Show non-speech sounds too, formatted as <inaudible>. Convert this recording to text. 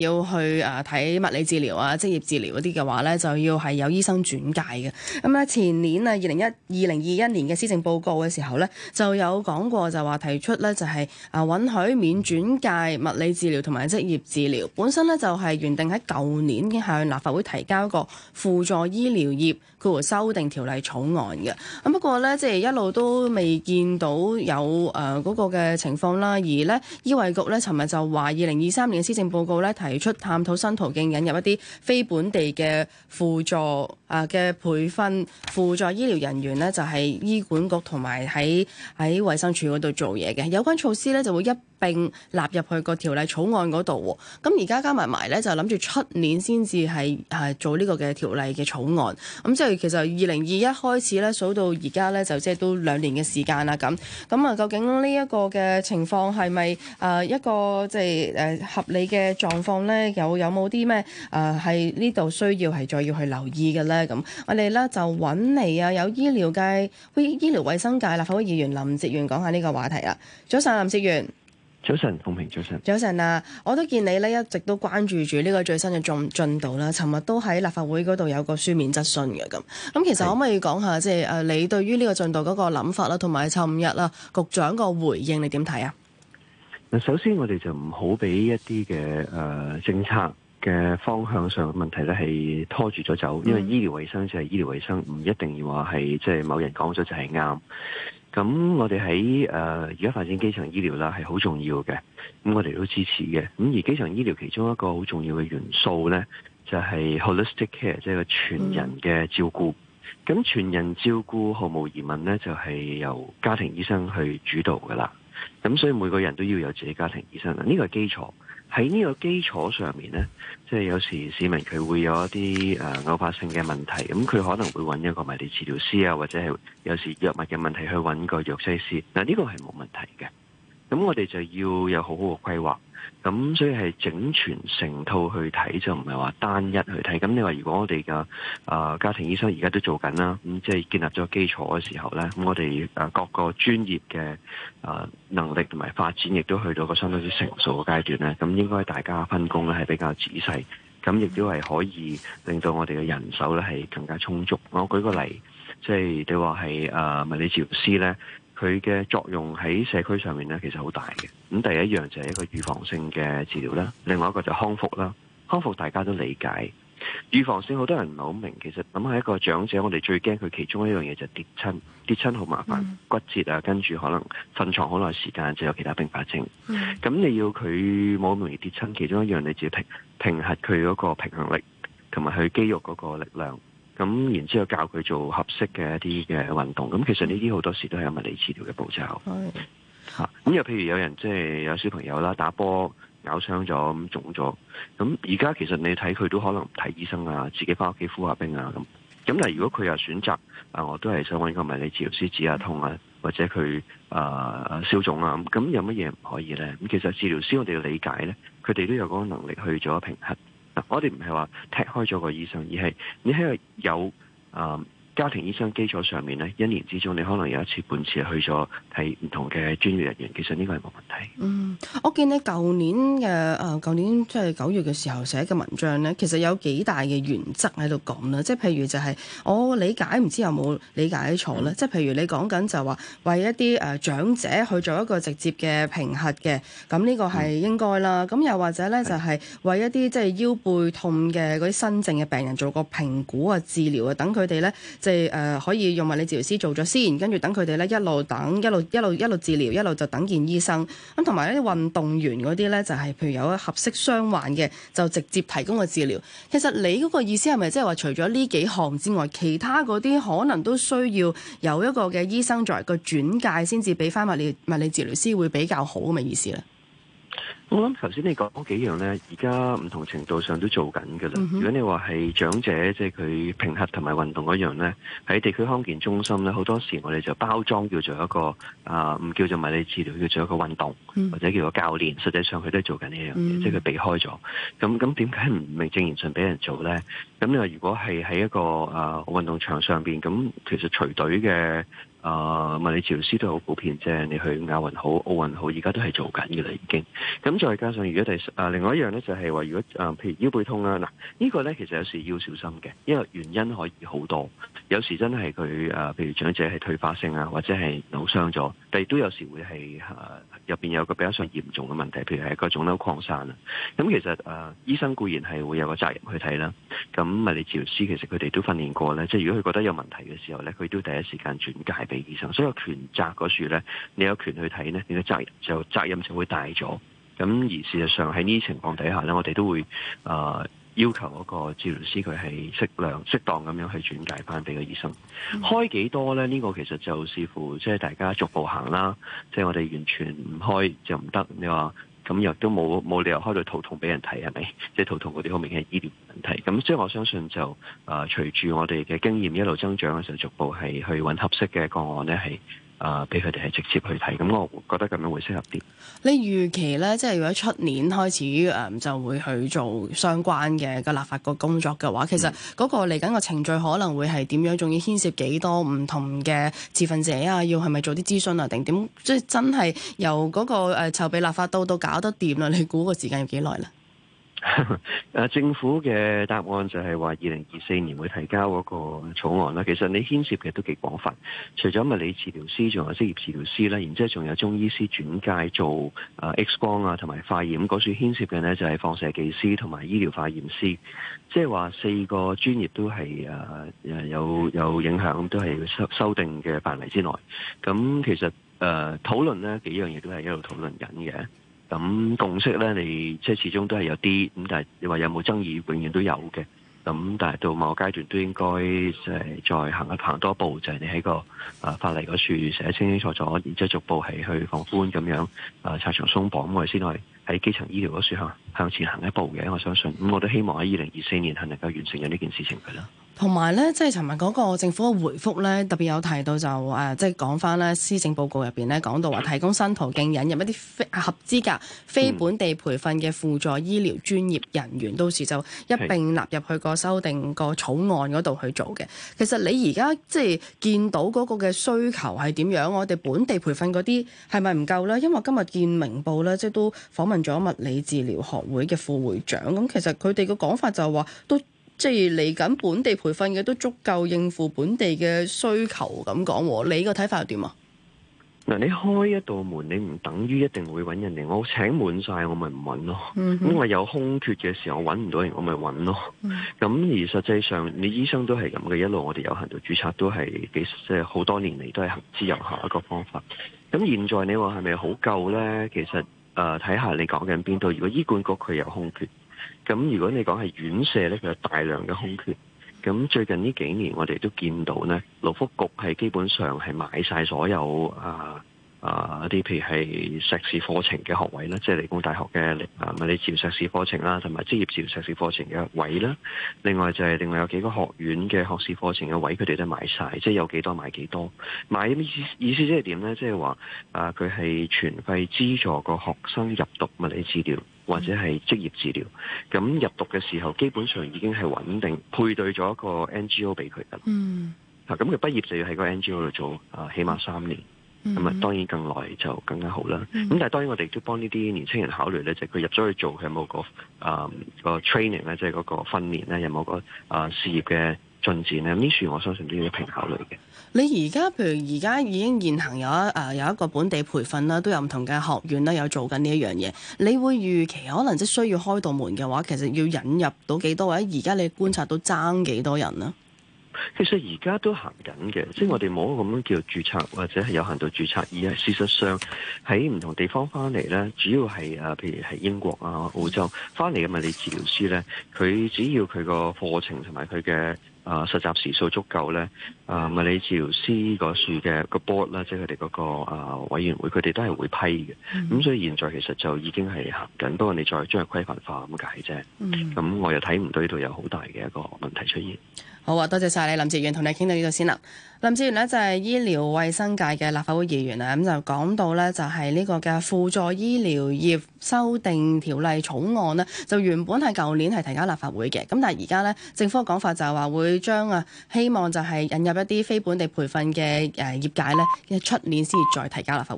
要去誒睇物理治療啊、職業治療嗰啲嘅話呢，就要係有醫生轉介嘅。咁咧，前年啊，二零一二零二一年嘅施政報告嘅時候呢，就有講過就話提出呢，就係啊允許免轉介物理治療同埋職業治療。本身呢，就係原定喺舊年已經向立法會提交個輔助醫療業佢和修訂條例草案嘅。咁不過呢，即係一路都未見到有誒嗰個嘅情況啦。而呢，醫衛局呢，尋日就話二零二三年嘅施政報告呢提提出探討新途徑，引入一啲非本地嘅輔助啊嘅、呃、培訓輔助醫療人員呢，就係醫管局同埋喺喺衛生署嗰度做嘢嘅有關措施呢就會一。並納入去個條例草案嗰度喎，咁而家加埋埋咧，就諗住出年先至係係做呢個嘅條例嘅草案。咁即係其實二零二一開始咧，數到而家咧，就即係都兩年嘅時間啦。咁咁啊，究竟呢一個嘅情況係咪啊一個即係誒合理嘅狀況咧？有有冇啲咩啊？係呢度需要係再要去留意嘅咧？咁我哋咧就揾嚟啊，有醫療界、醫醫療衛生界立法會議員林哲玄講下呢個話題啦，早晨，林哲玄。早晨，鳳平，早晨。早晨啊，我都見你咧，一直都關注住呢個最新嘅進進度啦。尋日都喺立法會嗰度有個書面質詢嘅，咁。咁其實我可唔可以講下，即係誒，就是、你對於呢個進度嗰個諗法啦，同埋尋日啦局長個回應，你點睇啊？嗱，首先我哋就唔好俾一啲嘅誒政策嘅方向上嘅問題咧，係拖住咗走。因為醫療衛生就係醫療衛生，唔一定要話係即係某人講咗就係啱。咁我哋喺誒而家發展基層醫療啦，係好重要嘅。咁我哋都支持嘅。咁而基層醫療其中一個好重要嘅元素呢，就係、是、holistic care，即係個全人嘅照顧。咁全人照顧毫無疑問呢，就係、是、由家庭醫生去主導噶啦。咁所以每個人都要有自己家庭醫生，呢、這個係基礎。喺呢個基礎上面呢，即係有時市民佢會有一啲誒偶發性嘅問題，咁佢可能會揾一個物理治療師啊，或者係有時藥物嘅問題去揾個藥劑師。嗱、呃，呢、這個係冇問題嘅，咁我哋就要有好好嘅規劃。咁、嗯、所以係整全成套去睇，就唔係話單一去睇。咁你話如果我哋嘅啊家庭醫生而家都在做緊啦，咁即係建立咗基礎嘅時候呢，咁、嗯、我哋誒、呃、各個專業嘅、呃、能力同埋發展亦都去到個相當之成熟嘅階段呢，咁、嗯、應該大家分工咧係比較仔細，咁、嗯、亦都係可以令到我哋嘅人手咧係更加充足。我舉個例，即、就、係、是、你話係啊物理治療師呢。佢嘅作用喺社區上面咧，其實好大嘅。咁第一樣就係一個預防性嘅治療啦，另外一個就是康復啦。康復大家都理解，預防性好多人唔係好明。其實諗下一個長者，我哋最驚佢其中一樣嘢就是跌親，跌親好麻煩，嗯，骨折啊，跟住可能瞓床好耐時間，就有其他併發症。咁、嗯、你要佢冇咁容易跌親，其中一樣你就要提提升佢嗰個平衡力，同埋佢肌肉嗰個力量。咁然之後教佢做合適嘅一啲嘅運動，咁其實呢啲好多時都係有物理治療嘅步驟。嚇，咁又譬如有人即係、就是、有小朋友啦，打波咬傷咗咁腫咗，咁而家其實你睇佢都可能唔睇醫生啊，自己翻屋企敷下冰啊咁。咁但係如果佢又選擇啊，我都係想揾個物理治療師指下、啊、痛啊，或者佢啊消腫啊，咁有乜嘢唔可以咧？咁其實治療師我哋要理解咧，佢哋都有嗰個能力去做一評核。我哋唔係話踢開咗個醫生，而係你喺度有啊。嗯家庭醫生基礎上面咧，一年之中你可能有一次半次去咗睇唔同嘅專業人員，其實呢個係冇問題。嗯，我見你舊年嘅誒舊年即係九月嘅時候寫嘅文章咧，其實有幾大嘅原則喺度講啦，即係譬如就係、是、我理解，唔知有冇理解錯咧？即係譬如你講緊就話、是、為一啲誒、呃、長者去做一個直接嘅評核嘅，咁呢個係應該啦。咁、嗯、又或者咧、嗯、就係、是、為一啲即係腰背痛嘅嗰啲新症嘅病人做個評估啊、治療啊，等佢哋咧。即係誒、呃、可以用物理治療師做咗先，跟住等佢哋咧一路等，一路一路一路治療，一路就等見醫生。咁同埋啲運動員嗰啲咧，就係、是、譬如有合適傷患嘅，就直接提供個治療。其實你嗰個意思係咪即係話，除咗呢幾項之外，其他嗰啲可能都需要有一個嘅醫生作為一個轉介，先至俾翻物理物理治療師會比較好咁嘅意思咧？我諗頭先你講嗰幾樣咧，而家唔同程度上都做緊㗎啦。如果你話係長者，即係佢平衡同埋運動嗰樣咧，喺地區康健中心咧，好多時我哋就包裝叫做一個啊，唔、呃、叫做物理治療，叫做一個運動或者叫做教練。實際上佢都係做緊呢樣嘢、嗯，即係佢避開咗。咁咁點解唔名正言順俾人做咧？咁你話如果係喺一個啊運、呃、動場上面，咁其實隨隊嘅。啊、呃，物理治療師都好普遍啫。你去亞運好、奧運好，而家都係做緊嘅啦，已經。咁再加上如果第啊、呃、另外一樣咧，就係、是、話如果啊、呃，譬如腰背痛啦、啊，嗱，這個、呢個咧其實有時要小心嘅，因為原因可以好多。有時真係佢啊，譬如長者係退化性啊，或者係扭傷咗，但亦都有時會係啊。呃入邊有個比較上嚴重嘅問題，譬如係一個腫瘤擴散啊。咁其實誒、呃，醫生固然係會有個責任去睇啦。咁物理治療師其實佢哋都訓練過咧，即係如果佢覺得有問題嘅時候咧，佢都第一時間轉介俾醫生。所以有權責嗰處，咧，你有權去睇呢，你嘅責任就責任就會大咗。咁而事實上喺呢啲情況底下咧，我哋都會誒。呃要求嗰個治療師佢係適量、適當咁樣去轉介翻俾個醫生，嗯、開幾多呢？呢、這個其實就視乎即係、就是、大家逐步行啦。即、就、係、是、我哋完全唔開就唔得，你話咁又都冇冇理由開到肚痛俾人睇係咪？即係肚痛嗰啲好明顯係醫療問題。咁即係我相信就誒、呃、隨住我哋嘅經驗一路增長嘅時候，逐步係去搵合適嘅個案呢。係。啊、呃！俾佢哋係直接去睇，咁我覺得咁樣會適合啲。你預期咧，即係如果出年開始、嗯，就會去做相關嘅個立法個工作嘅話，其實嗰個嚟緊個程序可能會係點樣？仲要牽涉幾多唔同嘅持份者啊？要係咪做啲諮詢啊？定點即係真係由嗰個誒籌備立法到到搞得掂啦、啊？你估個時間要幾耐咧？ <laughs> 啊、政府嘅答案就係話二零二四年會提交嗰個草案啦。其實你牽涉嘅都幾廣泛，除咗物理治療師，仲有職業治療師啦，然之後仲有中醫師轉介做、呃、X 光啊，同埋化驗。嗰處牽涉嘅呢，就係放射技師同埋醫療化驗師，即係話四個專業都係誒、呃、有有影響，都係修修訂嘅範圍之內。咁其實誒、呃、討論呢，幾樣嘢都係一路討論緊嘅。咁共識咧，你即係始終都係有啲咁，但係你話有冇爭議，永遠都有嘅。咁但係到某個階段都應該係再行一行多一步，就係、是、你喺個啊法例嗰處寫清清楚楚，然之後逐步係去放寬咁樣啊拆牆鬆綁咁，我哋先可以喺基層醫療嗰處向向前行一步嘅。我相信，咁我都希望喺二零二四年係能夠完成咗呢件事情佢啦。同埋咧，即係尋日嗰個政府嘅回覆咧，特別有提到就誒、啊，即係講翻咧，施政報告入面咧講到話提供新途徑引入一啲非合資格非本地培訓嘅輔助醫療專業人員，嗯、到時就一並納入去個修訂個草案嗰度去做嘅。其實你而家即係見到嗰個嘅需求係點樣？我哋本地培訓嗰啲係咪唔夠呢？因為今日見明報咧，即係都訪問咗物理治療學會嘅副會長，咁其實佢哋嘅講法就係話都。即係嚟緊本地培訓嘅都足夠應付本地嘅需求咁講，你個睇法係點啊？嗱，你開一道門，你唔等於一定會揾人嚟。我請滿晒，我咪唔揾咯。因為有空缺嘅時候，揾唔到人，我咪揾咯。咁、嗯、而實際上，你醫生都係咁嘅，一路我哋有限度注冊都係幾即係好多年嚟都係行之有效的一個方法。咁現在你話係咪好夠呢？其實誒，睇、呃、下你講緊邊度。如果醫管局佢有空缺，咁如果你講係院舍咧，佢有大量嘅空缺。咁最近呢幾年，我哋都見到呢，勞福局係基本上係買曬所有啊啊一啲，譬如係碩士課程嘅學位啦，即係理工大學嘅、啊、物理治療碩士課程啦，同埋職業治療碩士課程嘅位啦。另外就係另外有幾個學院嘅學士課程嘅位，佢哋都買曬，即係有幾多買幾多。買意思即係點呢？即係話啊，佢係全費資助個學生入讀物理治療。或者係職業治療，咁入讀嘅時候基本上已經係穩定配對咗一個 NGO 俾佢嘅。嗯，咁佢畢業就要喺個 NGO 度做啊，起碼三年，咁啊當然更耐就更加好啦。咁、嗯、但係當然我哋都幫呢啲年青人考慮咧，就佢入咗去做，佢有冇、嗰個啊個 training 咧，即係嗰個訓練咧、就係，有冇、嗰個啊、呃、事業嘅。進展咧，呢處我相信都要平衡考慮嘅。你而家譬如而家已經現行有一誒、呃、有一個本地培訓啦，都有唔同嘅學院啦，有做緊呢一樣嘢。你會預期可能即需要開道門嘅話，其實要引入到幾多，或者而家你觀察到爭幾多人咧？其實而家都行緊嘅，即係我哋冇咁樣叫註冊或者係有限度註冊，而係事實上喺唔同地方翻嚟咧，主要係啊，譬如係英國啊、澳洲翻嚟嘅物理治療師咧，佢只要佢個課程同埋佢嘅。啊、呃，實習時數足夠咧。啊物理治療師個樹嘅個 board 啦，即係佢哋嗰個啊委員會，佢哋都係會批嘅。咁、mm. 嗯、所以現在其實就已經係行緊，不過你再將佢規範化咁解啫。咁、mm. 嗯、我又睇唔到呢度有好大嘅一個問題出現。好啊，多謝晒你林哲玄，同你傾到呢度先啦。林哲玄呢就係、是、醫療衛生界嘅立法會議員啦。咁、嗯、就講到咧就係、是、呢個嘅輔助醫療業。修訂條例草案咧，就原本係舊年係提交立法會嘅，咁但係而家咧，政府嘅講法就係話會將啊，希望就係引入一啲非本地培訓嘅誒業界咧，即係出年先至再提交立法會。